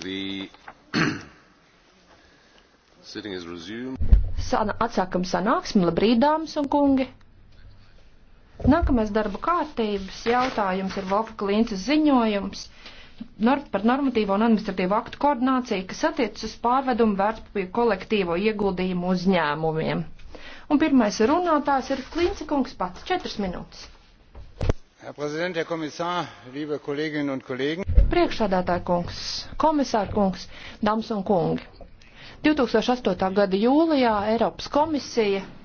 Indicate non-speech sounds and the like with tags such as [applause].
The [clears throat] sitting is resumed. Sana, atsākam sanāksmi, labrīt, dāmas un kungi. Nākamais darba kārtības jautājums ir Volka Klīnces ziņojums par normatīvo un administratīvo aktu koordināciju, kas attiecas uz pārvedumu vērtspapīru kolektīvo ieguldījumu uzņēmumiem. Un pirmais runātājs ir Klīnce kungs pats, četras minūtes. Herr Präsident, Herr Kommissar, liebe Kolleginnen un Kollegen. Priekšsādātāja kungs, komisāra kungs, dāmas un kungi. 2008. gada jūlijā Eiropas komisija